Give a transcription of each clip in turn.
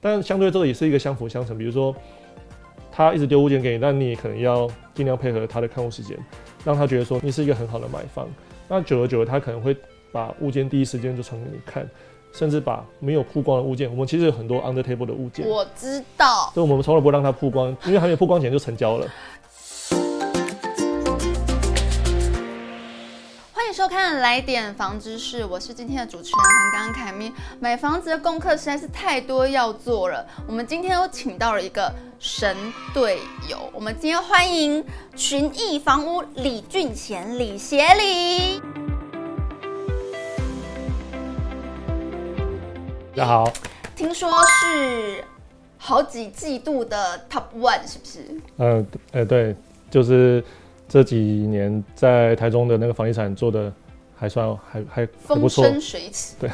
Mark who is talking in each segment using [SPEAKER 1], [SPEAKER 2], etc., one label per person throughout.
[SPEAKER 1] 但相對這個也是一個相輔相成，比如說他一直丟物件給你，但你可能要盡量配合他的看護時間，讓他覺得說你是一個很好的買方。那久而久而，他可能會把物件第一時間就傳給你看，甚至把沒有曝光的物件，我們其實有很多 under table 的物件，我知道，所以我們從來不會讓他曝光，因為還沒有曝光前就成交了。
[SPEAKER 2] 收看《來點房知識》，我是今天的主持人橫綱凱咪。買房子的功課實在是太多要做了，我們今天又請到了一個神隊友，我們今天歡迎群義房屋李俊賢、李協理。
[SPEAKER 1] 大家好，
[SPEAKER 2] 聽說是好幾季度的 Top One，是不是？
[SPEAKER 1] 呃，呃對，就是。這幾年在台中的那個房地產做的還算還還，還風生水起。
[SPEAKER 2] 對，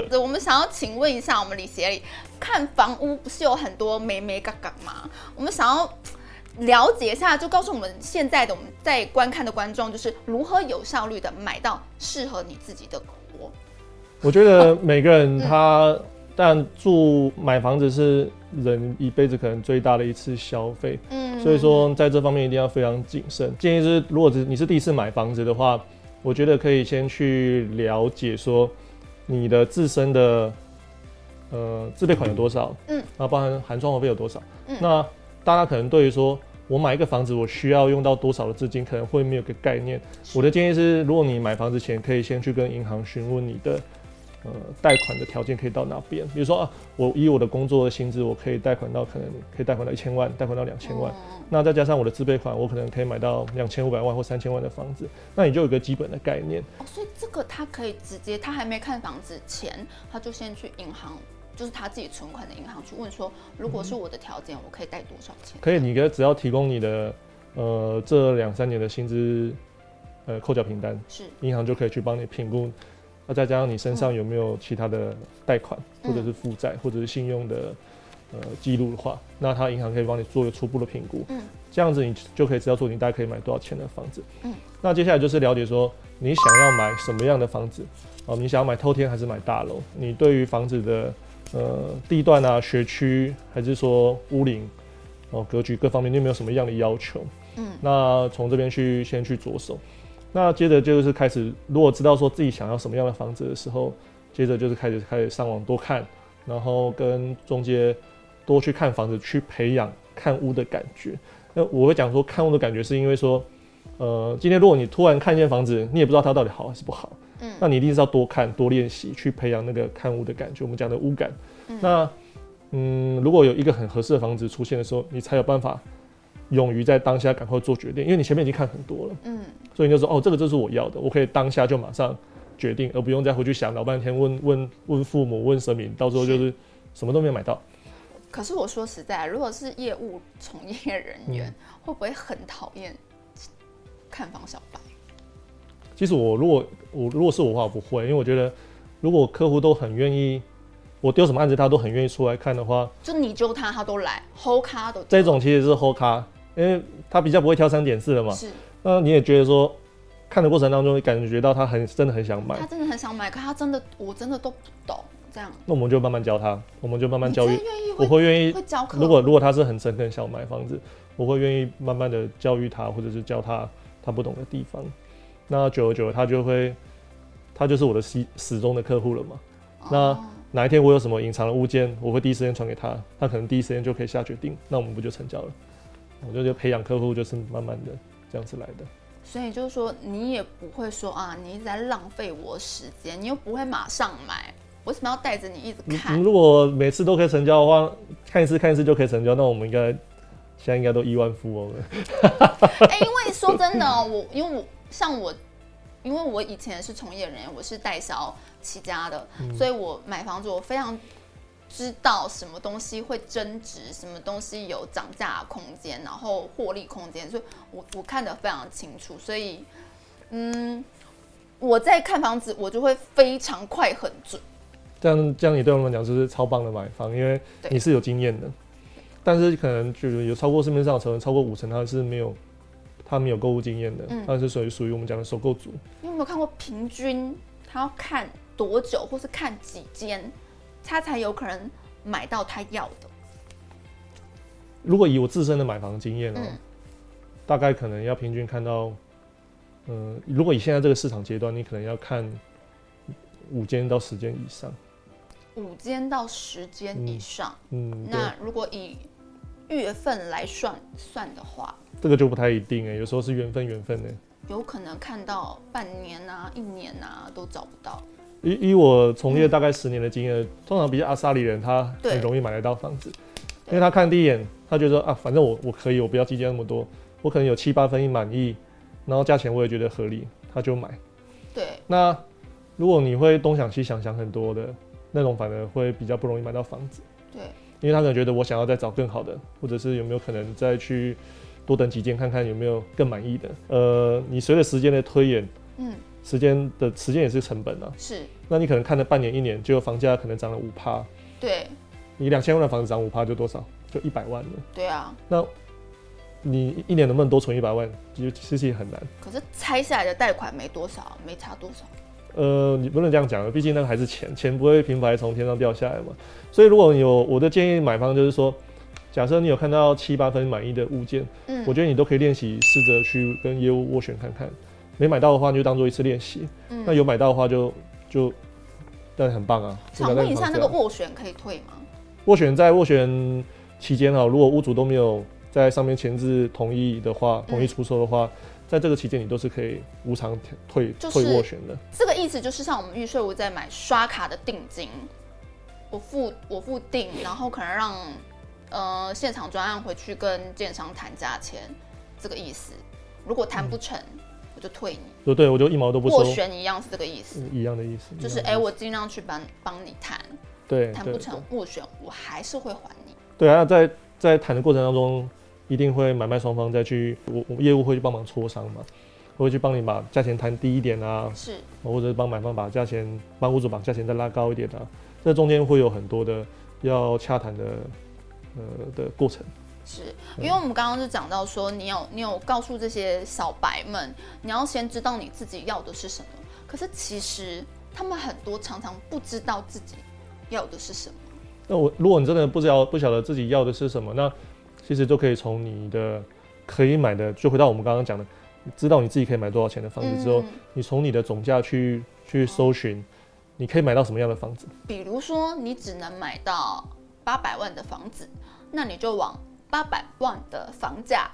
[SPEAKER 2] 我們想要請問一下，我們李協理看房屋不是有很多眉眉角角嗎？我們想要了解一下，就告訴我們現在的我們在觀看的觀眾，就是如何有效率的買到適合你自己的活。
[SPEAKER 1] 我覺得每個人他、 嗯。但住買房子是人一輩子可能最大的一次消費，嗯，所以說在這方面一定要非常謹慎。建議是，如果是你是第一次買房子的話，我覺得可以先去了解說你的自身的，呃，自備款有多少，嗯，然後包含含裝修費有多少，嗯，那大家可能對於說我買一個房子，我需要用到多少的資金，可能會沒有個概念。我的建議是，如果你買房之前可以先去跟銀行詢問你的。呃，貸款的條件可以到哪邊，比如說啊，我以我的工作的薪資，我可以貸款到可能可以貸款到一千萬，貸款到兩千萬、嗯，那再加上我的自備款，我可能可以買到兩千五百萬或三千萬的房子，那你就有一個基本的概念、
[SPEAKER 2] 哦。所以這個他可以直接，他還沒看房子前，他就先去銀行，就是他自己存款的銀行去問說，如果是我的條件、嗯，我可以貸多少錢、啊？
[SPEAKER 1] 可以，你只要提供你的呃這兩三年的薪資，呃扣繳憑單，是銀行就可以去幫你評估。那再加上你身上有沒有其他的貸款或者是負債或者是信用的呃記錄的話，那他銀行可以幫你做一個初步的評估。嗯，這樣子你就可以知道說你大概可以買多少錢的房子。嗯，那接下來就是了解說你想要買什麼樣的房子啊、哦？你想要買透天還是買大樓？你對於房子的呃地段啊、學區還是說屋齡哦、格局各方面你有沒有什麼樣的要求？嗯，那從這邊去先去着手。那接着就是開始，如果知道說自己想要什麼樣的房子的時候，接着就是開始開始上網多看，然後跟中介多去看房子，去培養看屋的感覺。那我會講說，看屋的感覺是因為說，呃，今天如果你突然看一間房子，你也不知道它到底好還是不好，嗯，那你一定是要多看多練習，去培養那個看屋的感覺，我們講的屋感。那嗯，如果有一個很合適的房子出現的時候，你才有辦法。勇於在當下趕快做決定，因為你前面已經看很多了，嗯，所以你就說，哦，這個就是我要的，我可以當下就馬上決定，而不用再回去想，老半天問，問問問父母，問神明，到時候就是什麼都沒有買到。
[SPEAKER 2] 是，可是我說實在，如果是業務從業人員，嗯，會不會很討厭看房小白？
[SPEAKER 1] 其實我如果我如果是我的話，我不會，因為我覺得如果客戶都很願意，我丟什麼案子，他都很願意出來看的話，
[SPEAKER 2] 就你揪他，他，他都來 hold 卡的
[SPEAKER 1] 這種，其實是 hold 卡。因為他比較不會挑三揀四的嘛，是。那你也覺得說，看的過程當中你感覺到他很真的很想買，他
[SPEAKER 2] 真的很想買，可他真的我真的都不懂這
[SPEAKER 1] 樣。那我們就慢慢教他，我們就慢慢教育，會我會願意會，會教。如果如果他是很誠懇想買房子，我會願意慢慢的教育他，或者是教他他不懂的地方。那久而久而他就會他就是我的始始終的客戶了嘛。哦。那哪一天我有什麼隱藏的物件，我會第一時間傳給他，他可能第一時間就可以下決定，那我們不就成交了？我就覺得培養客戶就是慢慢的這樣子來的，
[SPEAKER 2] 所以就是說你也不會說啊，你一直在浪費我時間，你又不會馬上買，為什麼要帶着你一直看？
[SPEAKER 1] 如果每次都可以成交的話，看一次看一次就可以成交，那我們應該現在應該都億萬富翁了。哎
[SPEAKER 2] 欸，因為說真的我因為我像我，因為我以前是從業人員，我是代銷起家的、嗯，所以我買房子我非常。知道什麼東西會增值，什麼東西有漲價空間，然後獲利空間，所以我我看得非常清楚。所以，嗯，我在看房子，我就會非常快很準。
[SPEAKER 1] 這樣這樣，你對我們講就是超棒的買方，因為你是有經驗的。但是可能就有超過市面上可能超過五成，他是沒有他沒有購物經驗的，他、嗯、是屬屬於我們講的首購族，
[SPEAKER 2] 你有沒有看過平均他要看多久，或是看幾間？他才有可能買到他要的。
[SPEAKER 1] 如果以我自身的買房的經驗呢、喔嗯，大概可能要平均看到，嗯、呃，如果以現在這個市場階段，你可能要看五間到十間以上。
[SPEAKER 2] 五間到十間以上，嗯，那如果以月份來算、嗯、算的話，
[SPEAKER 1] 這個就不太一定、欸、有時候是緣分緣分的、欸、
[SPEAKER 2] 有可能看到半年啊、一年啊都找不
[SPEAKER 1] 到。以以我從業大概十年的經驗、嗯，通常比較阿薩里人，他很容易買得到房子，因為他看第一眼，他覺得說啊，反正我我可以，我不要計較那麼多，我可能有七八分一滿意，然後價錢我也覺得合理，他就買。對。那如果你會東想西想，想很多的那種，反而會比較不容易買到房子。對。因為他可能覺得我想要再找更好的，或者是有沒有可能再去多等幾間看看有沒有更滿意的。呃，你隨着時間的推演，嗯。時間的時間也是成本啊，是。那你可能看了半年一年，結果房價可能漲了五趴，對。你兩千萬的房子漲五趴就多少？就一百萬了。對啊。那你一年能不能多存一百萬？其實也很難。
[SPEAKER 2] 可是拆下來的貸款沒多少，沒差多少。
[SPEAKER 1] 呃，你不能這樣講了，畢竟那個還是錢，錢不會平白從天上掉下來嘛。所以如果你有我的建議，買方就是說，假設你有看到七八分滿意的物件，嗯，我覺得你都可以練習試着去跟業務斡旋看看。沒買到的話，你就當做一次練習、嗯。那有買到的話就，就就但很棒啊！想問一下，那個
[SPEAKER 2] 斡旋可以退嗎？
[SPEAKER 1] 斡旋在斡旋期間啊，如果屋主都沒有在上面簽字同意的話、嗯，同意出售的話，在這個期間你都是可以無償退、就是，退斡旋的。
[SPEAKER 2] 這個意思就是像我們預售屋在買刷卡的定金，我付我付定，然後可能讓呃現場專案回去跟建商談價錢，這個意思。如果談不成。嗯我就
[SPEAKER 1] 退你，就對，我就一毛都不收。斡旋一樣是這個意思、嗯，一樣的意思，就是哎、欸，
[SPEAKER 2] 我盡量去幫幫你談，對，談不成斡旋，我還是會還你。
[SPEAKER 1] 對啊，那在在談的過程當中，一定會買賣雙方再去我，我業務會去幫忙磋商嘛，我會去幫你把價錢談低一點啊，是，或者是幫買方把價錢，幫屋主把價錢再拉高一點啊，這中間會有很多的要洽談的呃的過程。是，
[SPEAKER 2] 因為我們剛剛就講到說你，你有你有告訴這些小白們，你要先知道你自己要的是什麼。可是其實他們很多常常不知道自己要的是什麼。
[SPEAKER 1] 那、嗯、我如果你真的不知道不曉得自己要的是什麼，那其實就可以從你的可以買的，就回到我們剛剛講的，知道你自己可以買多少錢的房子之後，嗯、你從你的總價去去搜尋，你可以買到什麼樣的房子。嗯嗯、
[SPEAKER 2] 比如說你只能買到八百萬的房子，那你就往。八百萬的房價，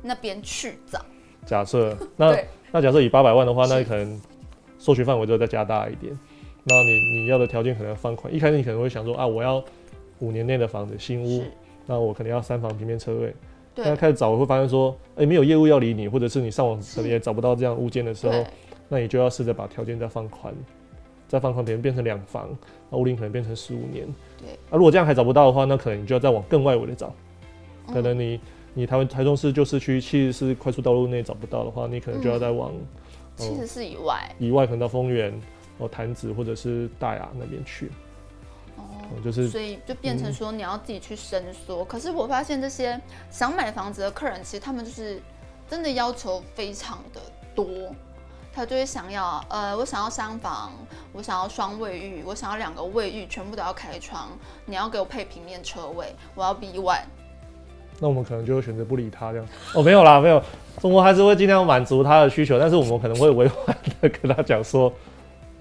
[SPEAKER 2] 那邊去找。
[SPEAKER 1] 假設那 那假設以八百萬的話，那你可能搜尋範圍就要再加大一點。那你你要的條件可能要放寬。一開始你可能會想說啊，我要五年內的房子，新屋。那我可能要三房平面車位。那開始找我會發現說，哎、欸，沒有業務要理你，或者是你上網可能也找不到這樣物件的時候，那你就要試着把條件再放寬，再放寬別人變成兩房，那屋齡可能變成十五年。對。那、啊、如果這樣還找不到的話，那可能你就要再往更外圍的找。可能你你台灣台中市舊市區七十四快速道路內找不到的話，你可能就要再往七十、嗯呃、四以外以外可能到豐原、哦、呃、潭子或者是大雅那邊去。
[SPEAKER 2] 哦，呃、就是所以就變成說你要自己去伸縮、嗯。可是我發現這些想買房子的客人，其實他們就是真的要求非常的多，他就會想要呃，我想要三房，我想要雙衛浴，我想要兩個衛浴全部都要開窗，你要給我配平面車位，我要 B1
[SPEAKER 1] 那我們可能就會選擇不理他這樣，哦，沒有啦，沒有，中國還是會盡量滿足他的需求，但是我們可能會委婉的跟他講說，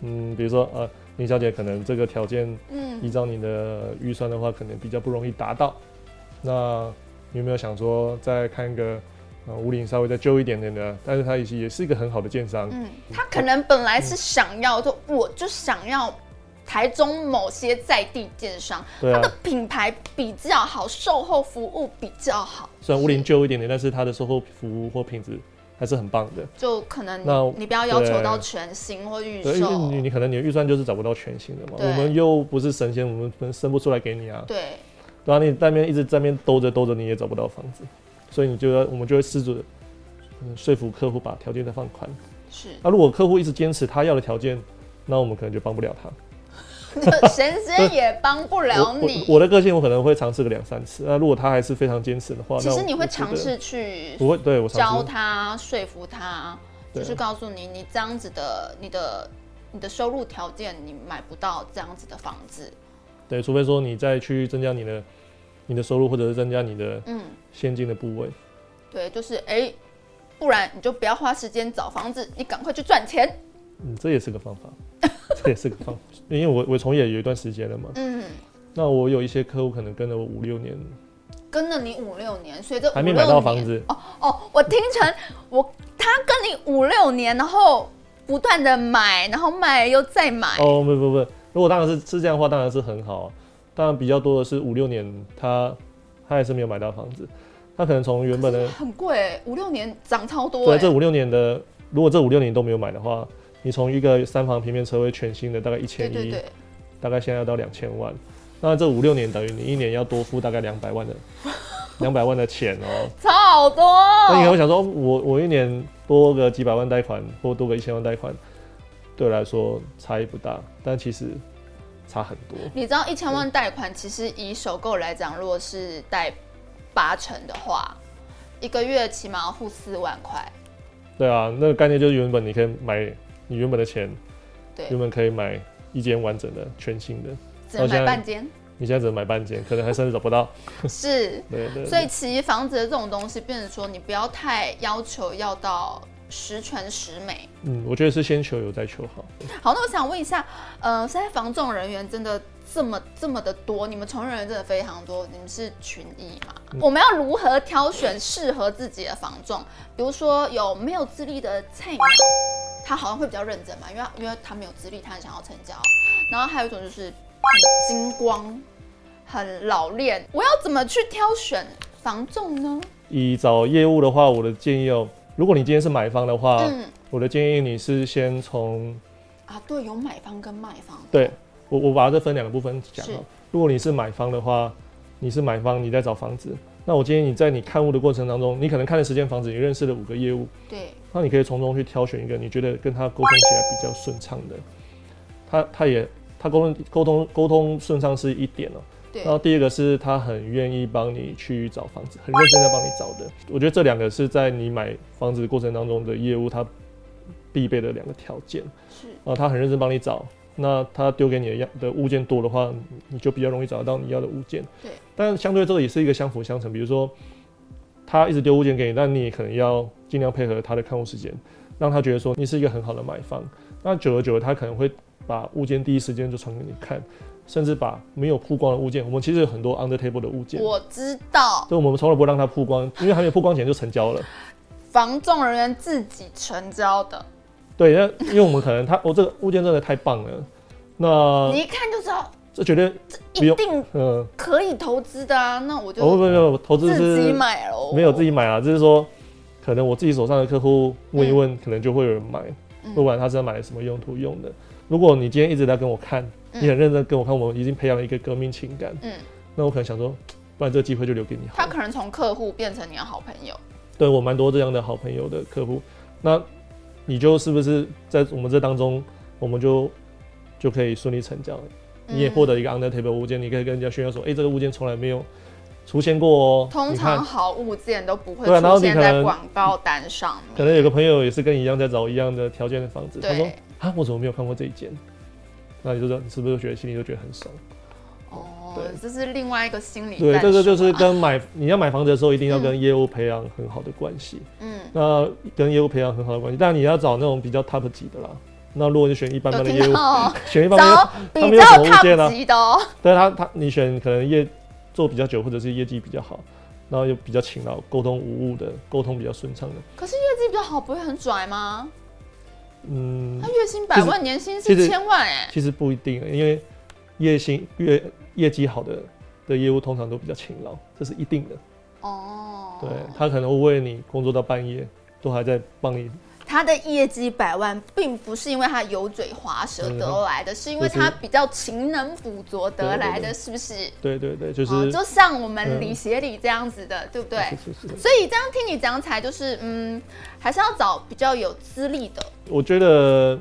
[SPEAKER 1] 嗯，比如說呃，林小姐可能這個條件，嗯，依照你的預算的話，可能比較不容易達到，嗯，那你有沒有想說再看一個，呃，屋齡稍微再舊一點點的，但是他也是也是一個很好的建商，嗯，
[SPEAKER 2] 他可能本來是想要說，嗯，我就想要。台中某些在地建商，他、啊、的品牌比較好，售後服務比較好。
[SPEAKER 1] 雖然屋齡舊一點點，是但是他的售後服務或品質還是很棒的。
[SPEAKER 2] 就可能你，你不要要求到全新或預售，
[SPEAKER 1] 你你可能你的預算就是找不到全新的嘛。我們又不是神仙，我們生不出來給你啊。對，然後、啊、你在那邊一直在那邊兜着兜着，你也找不到房子，所以你就要我們就會試着、嗯、說服客戶把條件再放寬。是，那、啊、如果客戶一直堅持他要的條件，那我們可能就幫不了他。
[SPEAKER 2] 神仙也幫不了你。我，我，我的
[SPEAKER 1] 個性，我可能會嘗試個兩三次。那如果他還是非常堅持的話，其實你會嘗試去，我會，對，教他
[SPEAKER 2] 說服他，就是告訴你，你這樣子的，你的你的收入條件，你買不到這樣子的房子。
[SPEAKER 1] 對，除非說你再去增加你的你的收入，或者是增加你的嗯現金的部位。嗯、
[SPEAKER 2] 對，就是哎、欸，不然你就不要花時間找房子，你趕快去賺錢。
[SPEAKER 1] 嗯，這也是個方法，這也是個方法， 因為我我從業有一段時間了嘛，嗯，那我有一些客戶可能跟了我五六年。跟了你五
[SPEAKER 2] 六年，所以這五六年還沒買到房子？哦哦，我聽成我他跟你五六年，然後不斷的買，然後買又再買，
[SPEAKER 1] 哦不，不不不，如果當然是是這樣的話，當然是很好，當然比較多的是五六年他他還是沒有買到房子，他可能從原本的
[SPEAKER 2] 很貴，五六年漲超多，對，這五
[SPEAKER 1] 六年的如果這五六年都沒有買的話。你從一個三房平面車位全新的，大概一千一，大概現在要到兩千萬，那這五六年等於你一年要多付大概兩百萬的兩百 萬的錢哦、喔，
[SPEAKER 2] 差好多。那你我
[SPEAKER 1] 想說我，我我一年多個幾百萬貸款，或多個一千萬貸款，對我來說差異不大，但其實差很多。
[SPEAKER 2] 你知道一千萬貸款，其實以首購來講、嗯，如果是貸八成的話，一個月起碼要付四萬塊。
[SPEAKER 1] 對啊，那個概念就是原本你可以買。你原本的錢，對，原本可以買一間完整的全新的，只能買半間。你現在只能買半間，可能還甚至找不到。
[SPEAKER 2] 是， 對對。所以其實房子的這種東西，變成說你不要太要求要到十全十美。
[SPEAKER 1] 嗯，我覺得是先求有再求好。
[SPEAKER 2] 好，那我想問一下，呃，現在房仲人員真的這麼這麼的多？你們從業人員真的非常多？你們是群義嗎、嗯？我們要如何挑選適合自己的房仲？比如說有沒有資歷的菜鳥？他好像會比較認真嘛，因為因為他沒有資歷，他很想要成交。然後還有一種就是很精光，很老練。我要怎麼去挑選房仲呢？
[SPEAKER 1] 以找業務的話，我的建議哦，如果你今天是買方的話，嗯，我的建議你是先從
[SPEAKER 2] 啊，對，有買方跟賣方。
[SPEAKER 1] 對，哦、我我把這分兩個部分講。是，如果你是買方的話，你是買方，你在找房子。那我建議你在你看屋的過程當中，你可能看了十間房子，你認識了五個業務。對。那你可以從中去挑選一個你覺得跟他溝通起來比較順暢的。他他也他溝溝通溝通順暢是一點哦、喔。對。然後第二個是他很願意幫你去找房子，很認真在幫你找的。我覺得這兩個是在你買房子過程當中的業務，他必備的兩個條件。是。啊，他很認真幫你找。那他丟給你的樣的物件多的話，你就比較容易找得到你要的物件。對。但相對這個也是一個相輔相成，比如說他一直丟物件給你，但你可能要儘量配合他的看屋時間，讓他覺得說你是一個很好的買方。那久而久之，他可能會把物件第一時間就傳給你看，甚至把沒有曝光的物件，我們其實有很多 under table 的物件。我知道。就我們從來不會讓他曝光，因為還沒有曝光前就成交了。
[SPEAKER 2] 房 仲人員自己成交的。
[SPEAKER 1] 對，那因為我們可能他，我、 哦、這個物件真的太棒了，那你一
[SPEAKER 2] 看就知道，
[SPEAKER 1] 這絕對這一定嗯
[SPEAKER 2] 可以投資的啊、嗯，那我就不沒有投資是自己買哦，哦不不不
[SPEAKER 1] 不沒有自己買啊、哦，就是說可能我自己手上的客戶問一問、嗯，可能就會有人買，不管他是要買什麼用途用的、嗯。如果你今天一直在跟我看，你很認真跟我看，我已經培養了一個革命情感，嗯，那我可能想說，不然這個機會就留給你好。
[SPEAKER 2] 他可能從客戶變成你的好朋友，
[SPEAKER 1] 對，我蠻多這樣的好朋友的客戶，那。你就是不是在我們這當中，我們就就可以順利成交了，你也獲得一個 under table 物件，嗯，你可以跟人家炫耀說，哎、欸，這個物件從來沒有出現過哦。通常
[SPEAKER 2] 好物件都不會、啊、出現在廣告單上。可能
[SPEAKER 1] 有個朋友也是跟你一樣在找一樣的條件的房子，他說啊，我怎麼沒有看過這一間？那你就知道，你是不是覺得心裡就覺得很爽？
[SPEAKER 2] 對，這是另外一個心理、啊。對，這個就是跟
[SPEAKER 1] 買你要買房子的時候，一定要跟業務培養很好的關係。嗯，那跟業務培養很好的關係，但你要找那種比較 top 級的啦。那如果你選一般，般的業務，喔、選一般的，找比較、啊、top 級的、喔？對他，他你選可能業做比較久，或者是業績比較好，然後又比較勤勞、溝通無誤的，溝通比較順暢的。
[SPEAKER 2] 可是業績比較好，不會很拽嗎？
[SPEAKER 1] 嗯，他
[SPEAKER 2] 月薪百萬，年薪是千萬哎。
[SPEAKER 1] 其實不一定、欸，因為月薪月。業績好的的業務通常都比較勤勞，這是一定的。哦，對，他可能會為你工作到半夜，都還在幫你。
[SPEAKER 2] 他的業績百萬，並不是因為他油嘴滑舌得來的，嗯、是因為他、就是、他比較勤能補拙得來的，對對對對，是不是？
[SPEAKER 1] 對對對，就是。哦、就像
[SPEAKER 2] 我們李協理，協理這樣子的、嗯、這樣子的，對不對？啊、是、是、是、所以這樣聽你講才就是，嗯，還是要找比較有資歷的。
[SPEAKER 1] 我覺得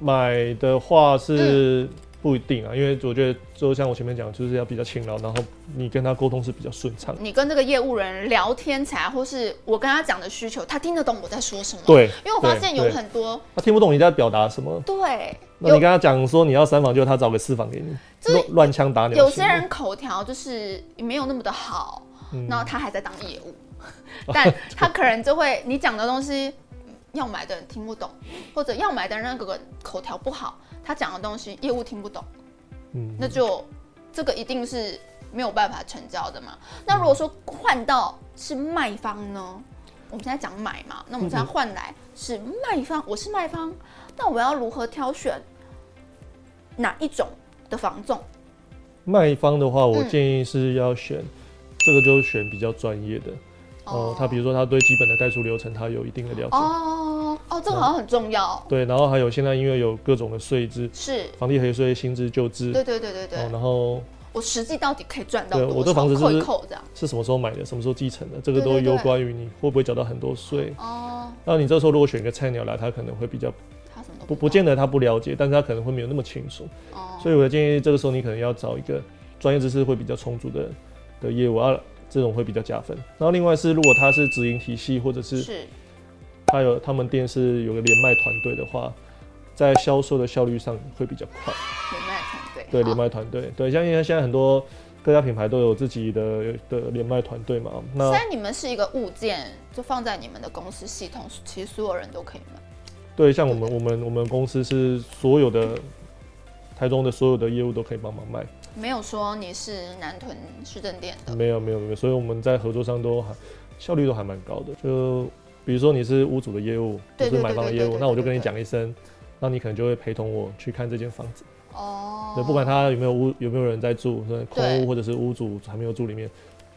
[SPEAKER 1] 買的話是、嗯。不一定啊，因為我覺得，就像我前面講，就是要比較勤勞，然後你跟他溝通是比較順暢。你
[SPEAKER 2] 跟這個業務人聊天才或是我跟他講的需求，他聽得懂我在說什麼。對，因為我發現有很多
[SPEAKER 1] 他聽不懂你在表達什麼。
[SPEAKER 2] 對。那你跟他
[SPEAKER 1] 講說你要三房，就他找個四房給你。就是亂槍打鳥。有些人
[SPEAKER 2] 口條就是沒有那麼的好，然、嗯、後他還在當業務， 但他可能就會你講的東西。要買的人聽不懂，或者要買的人那個人口條不好，他講的東西業務聽不懂，嗯，那就這個一定是沒有辦法成交的嘛。那如果說換到是賣方呢？我們現在講買嘛，那我們現在換來是賣方、嗯，我是賣方，那我要如何挑選哪一種的房仲？
[SPEAKER 1] 賣方的話，我建議是要選，嗯、這個就是選比較專業的。Oh. 哦，他比如說他對基本的代書流程，他有一定的了解。哦
[SPEAKER 2] 哦，這個好像很重要。
[SPEAKER 1] 對，然後還有現在因為有各種的稅制，是，房地合稅、新制、舊制。對
[SPEAKER 2] 對對對對。哦，然後我實際到底可以賺到多少？扣一扣這樣。
[SPEAKER 1] 是什麼時候買的？什麼時候繼承的？這個都攸關於你會不會繳到很多稅。哦。那你這時候如果選一個菜鳥來，他可能會比較，他什麼不不見得他不了解，但是他可能會沒有那麼清楚。哦。所以我的建議，這個時候你可能要找一個專業知識會比較充足的的業務啊。這種會比較加分。然後另外是，如果他是直營體系，或者是他有他們店是有個聯賣團隊的話，在銷售的效率上會比較快。聯賣團
[SPEAKER 2] 隊。
[SPEAKER 1] 對，聯賣團隊。對，像現在現在很多各家品牌都有自己的的聯賣團隊嘛。那現在
[SPEAKER 2] 你們是一個物件，就放在你們的公司系統，其實所有人都可以賣。
[SPEAKER 1] 對，像我們我們我們公司是所有的台中的所有的業務都可以幫忙賣。
[SPEAKER 2] 沒有說你是南屯市政店
[SPEAKER 1] 的沒，沒有沒有沒有，所以我們在合作上都還效率都還蠻高的。就比如說你是屋主的業務，或者買房的業務，對對對對，那我就跟你講一聲，那你可能就會陪同我去看這間房子。哦。那不管他有沒有屋，有沒有人在住，空屋或者是屋主還沒有住裡面，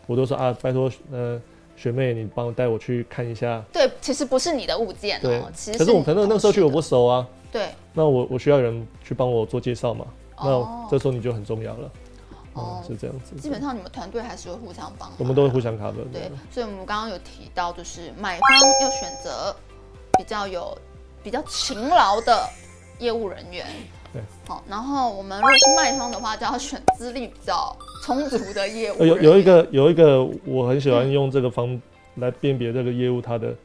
[SPEAKER 1] 我都說啊，拜託呃學妹，你幫我帶我，我去看一下。
[SPEAKER 2] 對，其實不是你的物件，喔。對其實。可是我可
[SPEAKER 1] 能那個社區我不熟啊。對。那我我需要有人去幫我做介紹嘛？那這時候你就很重要了、嗯，哦，是、嗯、這樣子。基本
[SPEAKER 2] 上你們團隊還是會互相幫
[SPEAKER 1] 助、啊，我們都會互相 cover。對，
[SPEAKER 2] 所以我們剛剛有提到，就是買方要選擇比較有、比較勤勞的業務人員。對，好。然後我們如果是賣方的話，就要選資歷比較充足的業務。有有一個
[SPEAKER 1] 有一個，一個我很喜歡用這個方來辨別這個業務，他的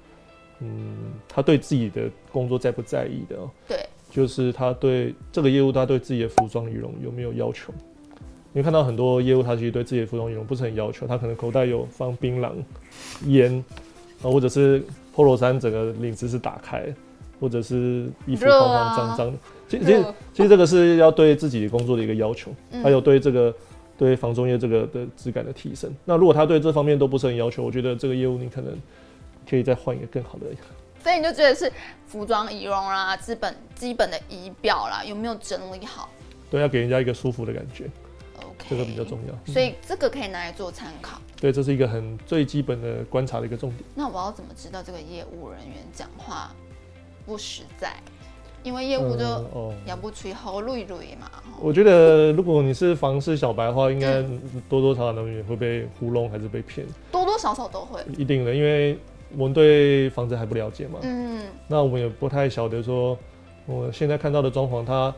[SPEAKER 1] 他對自己的工作在不在意的、哦。對。就是他對這個業務，他對自己的服裝儀容有沒有要求？你看到很多業務，他其實對自己的服裝儀容不是很要求，他可能口袋有放檳榔、煙啊，或者是 polo 衫整個領子是打開，或者是衣服髒髒髒髒。其實其實這個是要對自己工作的一個要求，還有對這個、嗯、對房仲業這個的質感的提升。那如果他對這方面都不是很要求，我覺得這個業務你可能可以再換一個更好的。
[SPEAKER 2] 所以你就覺得是服裝儀容啦，基本基本的儀表啦，有沒有整理好？
[SPEAKER 1] 對，要給人家一個舒服的感覺。Okay, 這個比較重要。所
[SPEAKER 2] 以這個可以拿來做參考、嗯。
[SPEAKER 1] 對，這是一個很最基本的觀察的一個重點。
[SPEAKER 2] 那我要怎麼知道這個業務人員講話不實在？因為業務就咬、嗯哦、不出好，一嚕嚕嘛。
[SPEAKER 1] 我覺得、嗯、如果你是房市小白的話，應該多多少少難免會被糊弄還是被騙。
[SPEAKER 2] 多多少少都會。一
[SPEAKER 1] 定的，因為。我們對房子還不了解嘛。嗯，那我們也不太曉得說，我現在看到的裝潢它、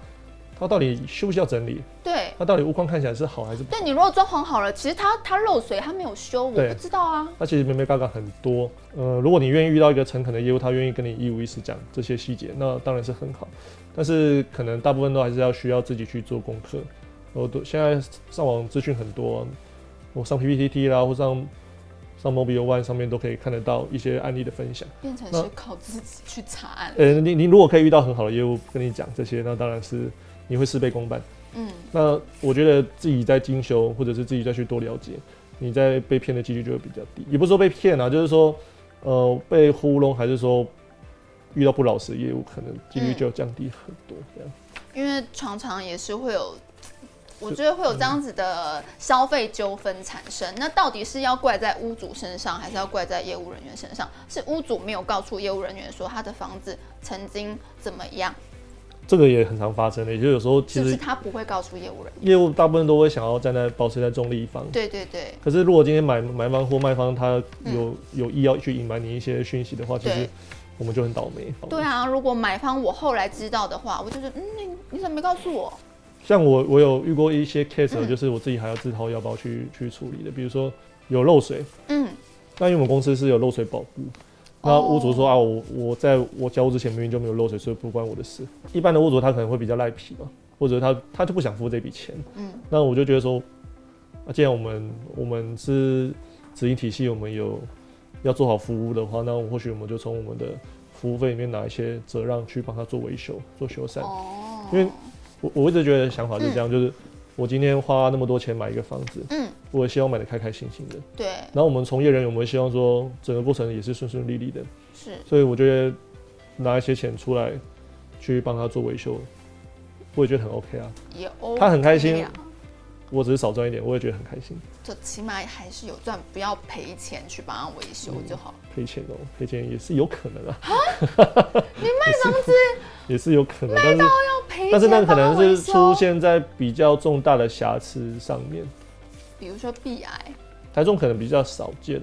[SPEAKER 1] 它它到底需不需要整理？對，它到底屋況看起來是好還是不
[SPEAKER 2] 好？但你如果裝潢好了，其實它它漏水，它沒有修，我不知道啊。
[SPEAKER 1] 那其實沒沒辦法很多，呃，如果你願意遇到一個誠懇的業務，他願意跟你一五一十講這些細節，那當然是很好。但是可能大部分都還是要需要自己去做功課。我都現在上網資訊很多，我上 PPTT 啦，或上。那 Mobile01 上面都可以看得到一些案例的分享，
[SPEAKER 2] 變成是靠自己去查案。
[SPEAKER 1] 呃、欸，你你如果可以遇到很好的業務跟你講這些，那當然是你會事倍功半。嗯，那我覺得自己在精修，或者是自己再去多了解，你在被騙的幾率就會比較低。也不是說被騙啊，就是說呃被糊弄，還是說遇到不老實的業務，可能幾率就要降低很多這樣、
[SPEAKER 2] 嗯。因為常常也是會有。我覺得會有這樣子的消費糾紛產生、嗯，那到底是要怪在屋主身上，還是要怪在業務人員身上？是屋主沒有告訴業務人員說他的房子曾經怎麼樣？
[SPEAKER 1] 這個也很常發生，也就是有時候其實就是
[SPEAKER 2] 他不會告訴業務人
[SPEAKER 1] 員，業務大部分都會想要站在保持在中立一方，對對對。可是如果今天買買方或賣方他有、嗯、有意要去隱瞞你一些訊息的話，其實我們就很倒霉。
[SPEAKER 2] 對啊，如果買方我後來知道的話，我就覺、是、得嗯，你，你怎麼沒告訴我？
[SPEAKER 1] 像我，我有遇過一些 case，就是我自己還要自掏腰包去、嗯、去處理的。比如說有漏水，嗯，那因為我們公司是有漏水保護、哦，那屋主說啊，我我在我交屋之前明明就沒有漏水，所以不關我的事。一般的屋主他可能會比較賴皮嘛，或者他他就不想付這筆錢，嗯，那我就覺得說，啊，既然我們我們是直營體系，我們有要做好服務的話，那或許我們就從我們的服務費裡面拿一些折讓去幫他做維修、做修繕，哦，因為。我我一直覺得想法是這樣、嗯，就是我今天花那麼多錢買一個房子，嗯，我也希望買的開開心心的。對。然後我們從業人員，我們希望說整個過程也是順順利利的。是。所以我覺得拿一些錢出來去幫他做維修，我也覺得很 OK 啊。有、OK 啊。他很開心。我只是少賺一點，我也覺得很開心。
[SPEAKER 2] 就起碼還是有賺，不要賠錢去幫他維修就好。
[SPEAKER 1] 賠、嗯、錢哦、喔，賠錢也是有可能啊。 你賣房子也是有可能但賣
[SPEAKER 2] 但是那可能是出
[SPEAKER 1] 現在比較重大的瑕疵上面，
[SPEAKER 2] 比如說壁癌。
[SPEAKER 1] 台中可能比較少見，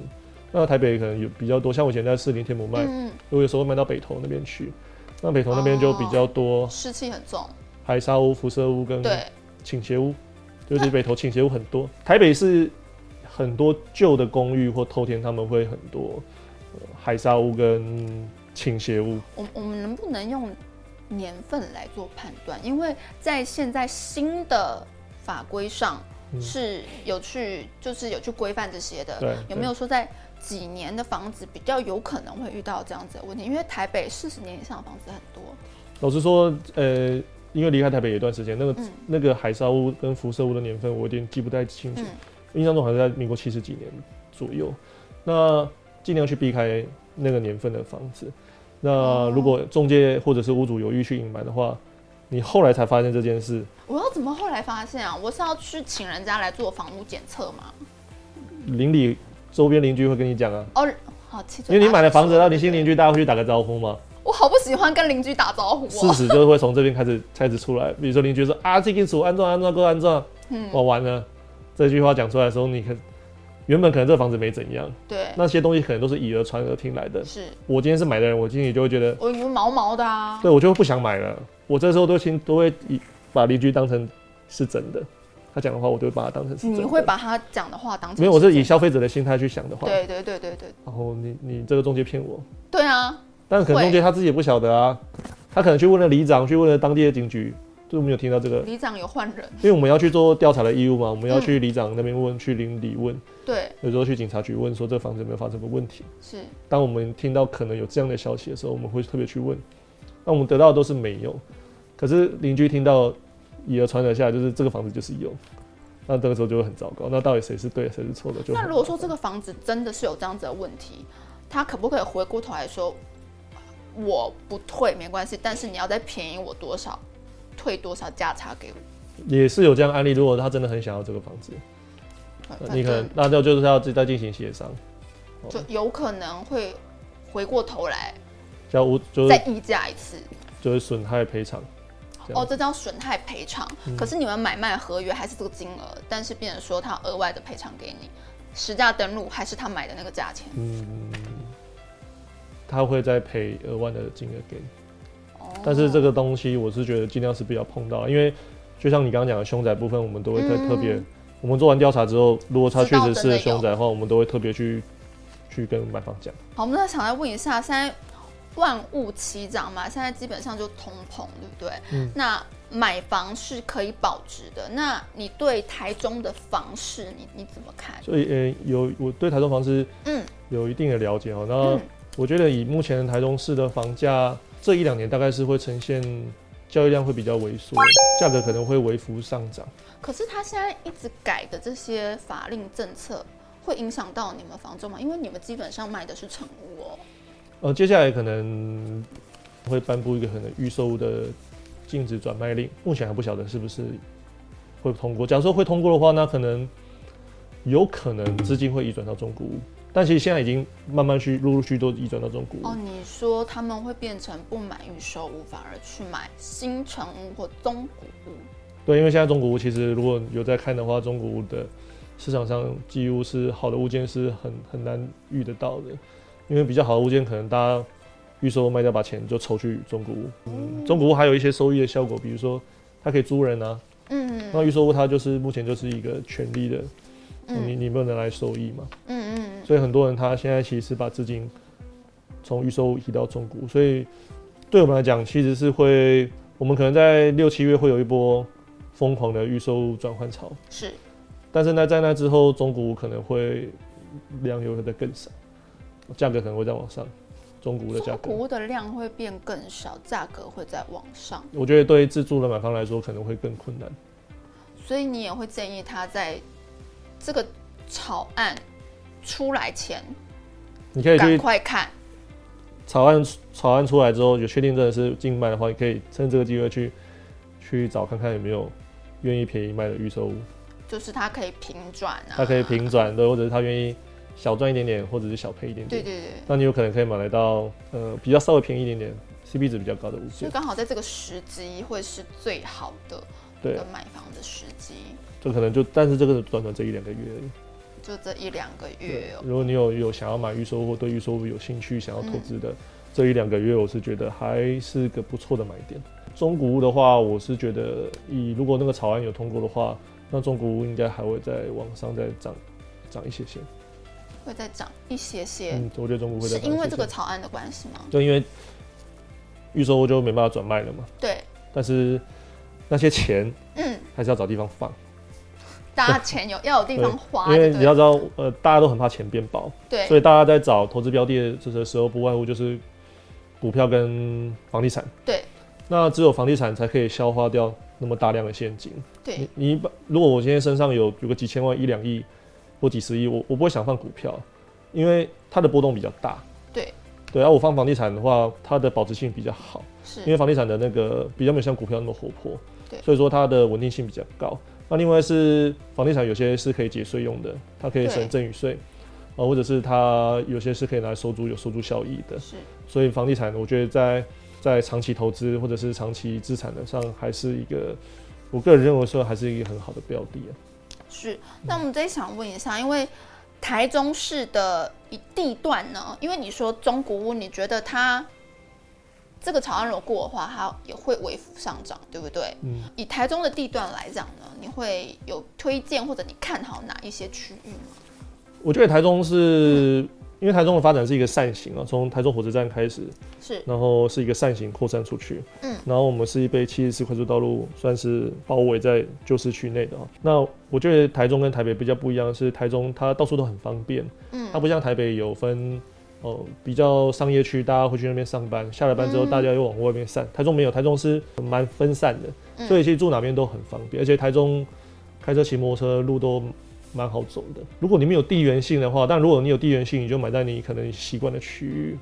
[SPEAKER 1] 那台北可能有比較多。像我以前在士林天母賣，嗯，我有時候會賣到北投那邊去，那北投那邊就比較多，濕、哦、氣很重，海砂屋、輻射屋跟對傾斜屋對。就是尤其北投傾斜屋很多，台北是很多舊的公寓或透天，他們會很多、呃、海砂屋跟傾斜屋。
[SPEAKER 2] 我我們能不能用年份來做判斷？因為在現在新的法規上是有去，嗯、就是有去規範這些的。對對。有沒有說在幾年的房子比較有可能會遇到這樣子的問題？因為台北四十年以上的房子很多。
[SPEAKER 1] 老實說，呃。因為離開台北有一段時間，那個、嗯、那個海砂屋跟輻射屋的年份我有點記不太清楚、嗯，印象中好像在民國七十幾年左右。那盡量去避開那個年份的房子。那如果中介或者是屋主有意去隱瞞的話、嗯，你後來才發現這件事，
[SPEAKER 2] 我要怎麼後來發現啊？我是要去請人家來做房屋檢測嗎？
[SPEAKER 1] 鄰里周邊鄰居會跟你講啊。
[SPEAKER 2] 哦，好，因為你買了房子，然
[SPEAKER 1] 後你新鄰居大家會去打個招呼嗎？
[SPEAKER 2] 我好不喜歡跟鄰居打招呼啊、喔！事實就是
[SPEAKER 1] 會從這邊開始， 開，始開始出來，比如說鄰居說 啊，這件楚安裝安裝夠安裝，嗯，我完了。這句話講出來的時候，你可原本可能這個房子沒怎樣，對，那些東西可能都是以訛傳訛聽來的。是我今天是買的人，我今天也就會覺得
[SPEAKER 2] 我毛毛的啊。
[SPEAKER 1] 對，我就不想買了。我這時候都先都會以把鄰居當成是真的，他講的話我就會把他當成是真的。是你會把
[SPEAKER 2] 他講的話當成？因為我是
[SPEAKER 1] 以消費者的心態去想的話，對對對對對，對。然後你你這個中介騙我？對啊。但是可能中間他自己也不曉得啊，他可能去問了里長，去問了當地的警局，就我們有聽到這個里
[SPEAKER 2] 長有換人，因為我
[SPEAKER 1] 們要去做調查的義務嘛，我們要去里長那邊問，去鄰里問，對，有時候去警察局問說這房子有沒有發生過問題。是，當我們聽到可能有這樣的消息的時候，我們會特別去問，那我們得到的都是沒有，可是鄰居聽到也傳了下來，就是這個房子就是有，那這個時候就會很糟糕。那到底誰是對誰是錯的？就那如果說
[SPEAKER 2] 這個房子真的是有這樣子的問題，他可不可以回過頭來說？我不退沒關係，但是你要再便宜我多少，退多少價差給我。
[SPEAKER 1] 也是有這樣案例，如果他真的很想要這個房子，
[SPEAKER 2] 你可能
[SPEAKER 1] 那就就是他要再進行協商，
[SPEAKER 2] 就有可能會回過頭來，
[SPEAKER 1] 嗯、就再
[SPEAKER 2] 議價一次，
[SPEAKER 1] 就是、就是損害賠償。
[SPEAKER 2] 哦，這叫損害賠償。可是你們買賣合約還是這個金額、嗯，但是變成說他額外的賠償給你，實價登錄還是他買的那個價錢。嗯。
[SPEAKER 1] 他會再賠額外的金額給你，但是這個東西我是覺得儘量是比較碰到，因為就像你剛剛講的凶宅部分，我們都會特特別，我們做完調查之後，如果他確實是凶宅的話，我們都會特別去去跟買房講。
[SPEAKER 2] 好，我們再想來問一下，現在萬物齊漲嘛，現在基本上就通膨，對不對？嗯。那買房是可以保值的，那你對台中的房市，你你怎麼看？
[SPEAKER 1] 所以呃、欸，有我對台中房市
[SPEAKER 2] 嗯
[SPEAKER 1] 有一定的了解哦，那。我覺得以目前台中市的房價，這一兩年大概是會呈現交易量會比較萎縮，價格可能會微幅上漲。
[SPEAKER 2] 可是他現在一直改的這些法令政策，會影響到你們房仲嗎？因為你們基本上賣的是成屋哦、喔。
[SPEAKER 1] 呃，接下來可能會頒布一個可能預售屋的禁止轉賣令，目前還不曉得是不是會通過。假如說會通過的話，那可能有可能資金會移轉到中古屋。但其實現在已經慢慢去陸陸續續都移轉到中古屋
[SPEAKER 2] 哦。你說他們會變成不買預售屋，反而去買新成屋或中古屋？
[SPEAKER 1] 對，因為現在中古屋其實如果有在看的話，中古屋的市場上幾乎是好的物件是很很難遇得到的。因為比較好的物件可能大家預售賣掉把錢就抽去中古屋。嗯。中古屋還有一些收益的效果，比如說它可以租人啊。嗯嗯。那預售屋它就是目前就是一個權利的，嗯、你你不能來收益嘛。嗯嗯。所以很多人他現在其實是把資金從預售移到中古，所以對我們來講，其實是會我們可能在六七月會有一波瘋狂的預售轉換潮。是。但是呢，在那之後，中古可能會量又會再更少，價格可能會再往上。中古的價格。中古
[SPEAKER 2] 的量會變更少，價格會再往上。我覺
[SPEAKER 1] 得對自住的買方來說，可能會更困難。
[SPEAKER 2] 所以你也會建議他在這個草案。出來前，你可以去快看。
[SPEAKER 1] 草案草案出來之後，有確定真的是禁賣的話，你可以趁這個機會去去找看看有沒有願意便宜賣的預售屋。
[SPEAKER 2] 就是他可以平轉、啊，
[SPEAKER 1] 他可以平轉的，或者是他願意小賺一點點，或者是小賠一點點。對對對，那你有可能可以買來到呃比較稍微便宜一點點，CP 值比較高的物件就
[SPEAKER 2] 剛好在這個時機會是最好的個，對，買房的時機。
[SPEAKER 1] 就可能就，但是這個短短這一兩個月而已。就這一兩個月哦。如果你有有想要買預售或對預售物有興趣想要投資的、嗯，這一兩個月，我是覺得還是個不錯的買點。中古屋的話，我是覺得以如果那個草案有通過的話，那中古屋應該還會再往上再漲漲一些些。會再
[SPEAKER 2] 漲一些些？嗯，我覺得中古會一些些。是因為這個草案的關係嗎？
[SPEAKER 1] 就因為預售就沒辦法轉賣了嘛。對。但是那些錢，嗯，還是要找地方放。嗯大家
[SPEAKER 2] 錢有要有地方花，因為
[SPEAKER 1] 你要知道，呃，大家都很怕錢變薄，對，所以大家在找投資標的的時候，不外乎就是股票跟房地產，對。那只有房地產才可以消化掉那麼大量的現金，對。你你，如果我今天身上有有個幾千萬、一兩億或幾十億，我我不會想放股票，因為它的波動比較大，對。對啊，我放房地產的話，它的保值性比較好，是因為房地產的那個比較沒有像股票那麼活潑，對，所以說它的穩定性比較高。那、啊、另外是房地產，有些是可以節稅用的，它可以省贈與稅，啊，或者是它有些是可以拿來收租，有收租效益的。是，所以房地產，我覺得在在長期投資或者是長期資產的上，還是一個，我個人認為說，還是一個很好的標的。
[SPEAKER 2] 是，那我們再想問一下，嗯、因為台中市的一地段呢，因為你說中古屋，你覺得它？這個草案如果過的話，它也會微幅上漲，對不對？嗯，以台中的地段來講呢，你會有推薦或者你看好哪一些區域嗎？
[SPEAKER 1] 我覺得台中是、嗯、因為台中的發展是一個扇形啊，從台中火車站開始，是，然後是一個扇形擴散出去，嗯，然後我們是一被七十四快速道路算是包圍在舊市區內的、啊、那我覺得台中跟台北比較不一樣是台中它到處都很方便，嗯，它不像台北有分。哦，比較商業區，大家會去那邊上班。下了班之後，大家又往外面散。嗯、台中沒有，台中是蠻分散的，所以其實住哪邊都很方便，嗯。而且台中開車、騎摩托車路都蠻好走的。如果你沒有地緣性的話，但如果你有地緣性，你就買在你可能習慣的區域。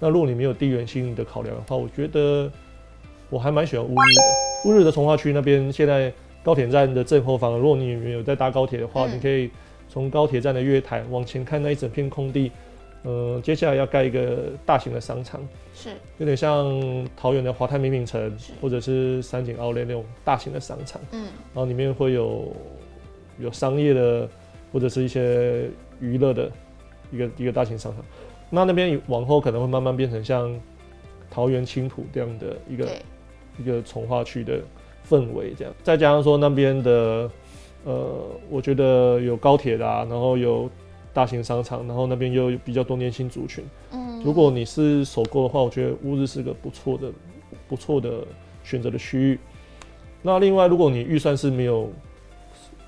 [SPEAKER 1] 那如果你沒有地緣性的考量的話，我覺得我還蠻喜歡烏日的。烏日的從化區那邊，現在高鐵站的正後方。如果你有在搭高鐵的話、嗯，你可以從高鐵站的月台往前看那一整片空地。嗯，接下來要蓋一個大型的商場，是有點像桃園的華泰名品城，或者是三井奧萊那種大型的商場。嗯，然後裡面會有有商業的，或者是一些娛樂的，一個一個大型商場。那那邊往後可能會慢慢變成像桃園青埔這樣的一個一個重劃區的氛圍這樣，再加上說那邊的，呃，我覺得有高鐵的啊，然後有。大型商場，然後那邊又有比較多年輕族群。嗯，如果你是首購的話，我覺得烏日是個不錯的、不錯的選擇的區域。那另外，如果你預算是沒有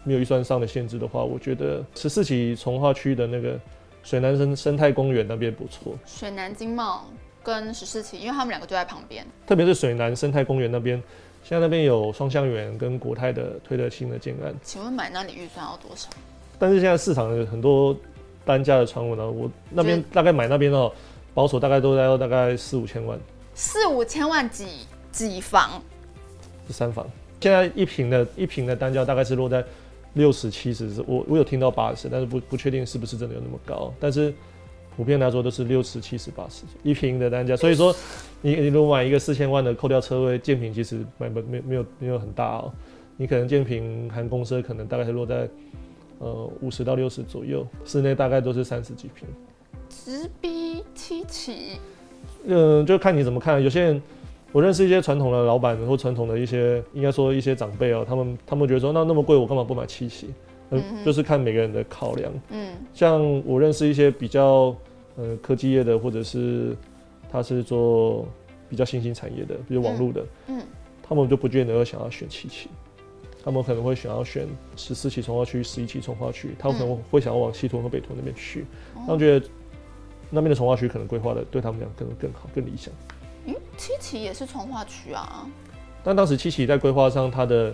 [SPEAKER 1] 沒有預算上的限制的話，我覺得十四期重劃區的那個水南生生態公園那邊不錯。
[SPEAKER 2] 水南經貿跟十四期，因為他們兩個就在旁邊。
[SPEAKER 1] 特別是水南生態公園那邊，現在那邊有雙橡園跟國泰的推的新的建案。
[SPEAKER 2] 請問買哪裡預算要多少？
[SPEAKER 1] 但是現在市場有很多。單價的傳聞呢？我那邊大概買那邊的、喔就是，保守大概都在大概四五千萬。
[SPEAKER 2] 四五千萬幾幾房？
[SPEAKER 1] 三房。現在一坪的一坪的單價大概是落在六十七十，我我有聽到八十，但是不不確定是不是真的有那麼高。但是普遍來說都是六十七十八十一坪的單價。所以說你 你如果買一個四千萬的，扣掉車位，建坪其實買不沒不沒沒有沒有很大、喔。你可能建坪含公設可能大概是落在。呃、嗯，五十到六十左右，室內大概都是三十幾坪，
[SPEAKER 2] 直逼七期
[SPEAKER 1] 嗯，就看你怎麼看。有些人，我認識一些傳統的老闆或傳統的一些，應該說一些長輩哦、喔，他們他們覺得說，那那麼貴，我幹嘛不買七期。嗯，嗯，就是看每個人的考量。嗯，像我認識一些比較呃、嗯、科技業的，或者是他是做比較新興產業的，比、就、如、是、網絡的嗯，嗯，他們就不見得想要選七期他們可能會想要選十四期重劃區、十一期重劃區，他們可能會想要往西屯和北屯那邊去。他、嗯、們覺得那邊的重劃區可能規劃的對他們倆更更好、更理想。
[SPEAKER 2] 嗯，七期也是重劃區啊。
[SPEAKER 1] 但當時七期在規劃上，它的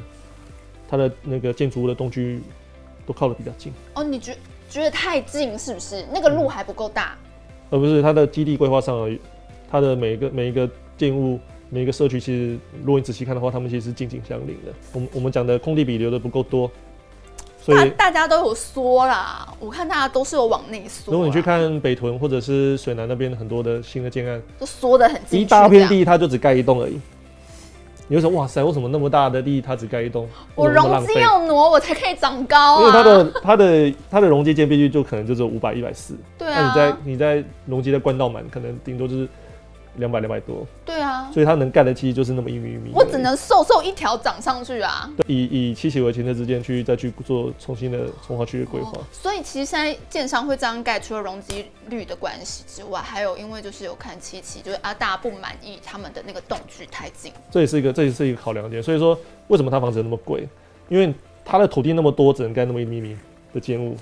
[SPEAKER 1] 它的那個建築物的棟距都靠的比較近。
[SPEAKER 2] 哦，你覺得覺得太近是不是？那個路還不夠大？嗯、
[SPEAKER 1] 而不是它的基地規劃上而已，它的每一個每一個建物。每一個社區其實，如果你仔細看的話，他們其實是緊緊相鄰的。我們我們講的空地比留的不夠多，所以
[SPEAKER 2] 大家都有縮啦。我看大家都是有往內縮。如果
[SPEAKER 1] 你去看北屯或者是水南那邊很多的新的建案，
[SPEAKER 2] 都縮得很近，一大片地
[SPEAKER 1] 它就只蓋一棟而已。你會說哇塞，為什麼那麼大的地它只蓋一棟？我容積要
[SPEAKER 2] 挪，我才可以長高啊。因為它的
[SPEAKER 1] 它的它的容積建蔽率就可能就只有五百一百四。對啊，你在你在容積的關到滿，可能頂多就是。兩百兩百多，對啊，所以它能蓋的其實就是那麼一米一米，我只能
[SPEAKER 2] 瘦瘦一條長上去啊。
[SPEAKER 1] 以以七期為前車之鑑去再去做重新的重劃區的規劃，oh,
[SPEAKER 2] 所以其實現在建商會這樣蓋，除了容積率的關係之外，還有因為就是有看七期，就是啊大家不滿意他們的那個棟距太近，這
[SPEAKER 1] 也是一個這也是一個考量點。所以說為什麼他房子那麼貴？因為他的土地那麼多，只能蓋那麼一米一米的建物，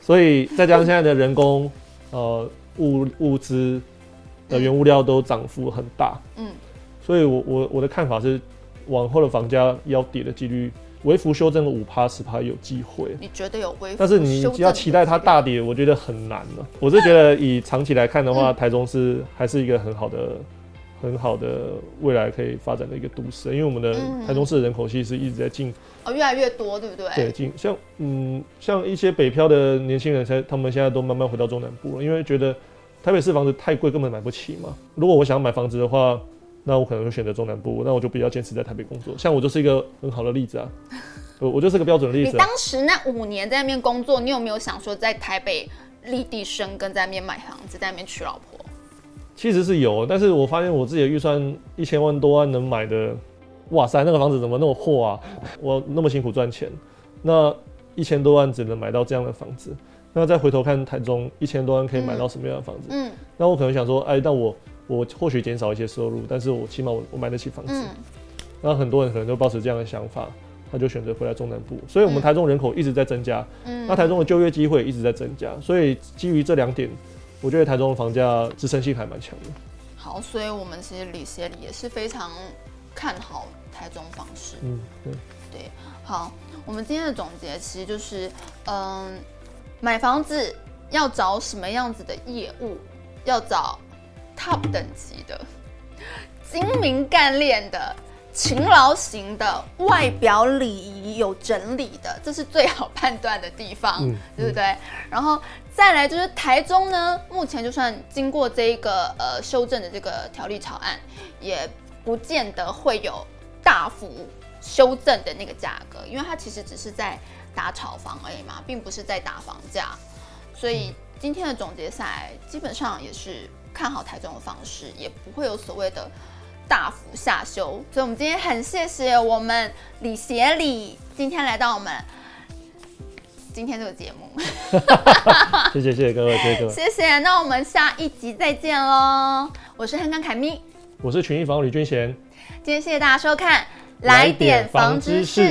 [SPEAKER 1] 所以再加上現在的人工 呃物物資。呃，原物料都漲幅很大，嗯，所以我我我的看法是，往後的房價要跌的幾率，微幅修正五趴十趴有機會。你
[SPEAKER 2] 覺得有微幅，但是你只
[SPEAKER 1] 要期待它大跌，我覺得很難了。我是覺得以長期來看的話，嗯，台中市還是一個很好的、很好的未來可以發展的一個都市，因為我們的台中市的人口其實一直在進、嗯、
[SPEAKER 2] 哦，越來越多，對不對？對，
[SPEAKER 1] 進像嗯，像一些北漂的年輕人，才他們現在都慢慢回到中南部了，因為覺得。台北市房子太貴，根本買不起嘛。如果我想要買房子的話，那我可能就選擇中南部。那我就比較堅持在台北工作。像我就是一個很好的例子啊，我 我就是一個標準的例子啊。你當
[SPEAKER 2] 時那五年在那邊工作，你有沒有想說在台北立地生根，在那邊買房子，在那邊娶老婆？
[SPEAKER 1] 其實是有，但是我發現我自己的預算一千萬多萬能買的，哇塞，那個房子怎麼那麼破啊？我那麼辛苦賺錢，那一千多萬只能買到這樣的房子。那再回頭看台中一千多萬可以買到什麼樣的房子？嗯，嗯，那我可能想說，哎，但我我或許減少一些收入，但是我起碼我我買得起房子。嗯，那很多人可能就抱持這樣的想法，他就選擇回來中南部。所以，我們台中人口一直在增加，嗯，那台中的就業機會一直在增加。嗯、所以，基於這兩點，我覺得台中的房價支撐性還蠻強的。
[SPEAKER 2] 好，所以我們其實李協理也是非常看好台中房市。嗯，對對，好，我們今天的總結其實就是，嗯。買房子要找什麼樣子的業務？要找 top 等級的、精明幹練的、勤勞型的、外表禮儀有整理的，這是最好判斷的地方，對、嗯、不對？嗯、然後再來就是台中呢，目前就算經過這一個呃修正的這個條例草案，也不見得會有大幅修正的那個價格，因為它其實只是在。打炒房而已嘛，並不是在打房價，所以今天的總結下基本上也是看好台中的房市，也不會有所謂的大幅下修。所以，我們今天很謝謝我們李協理今天來到我們今天這個節目， 謝
[SPEAKER 1] 謝謝謝各位謝
[SPEAKER 2] 謝各位，謝謝。那我們下一集再見嘍！我是橫綱凱咪，
[SPEAKER 1] 我是群義房屋李俊賢，今
[SPEAKER 2] 天謝謝大家收看《來點房知識》。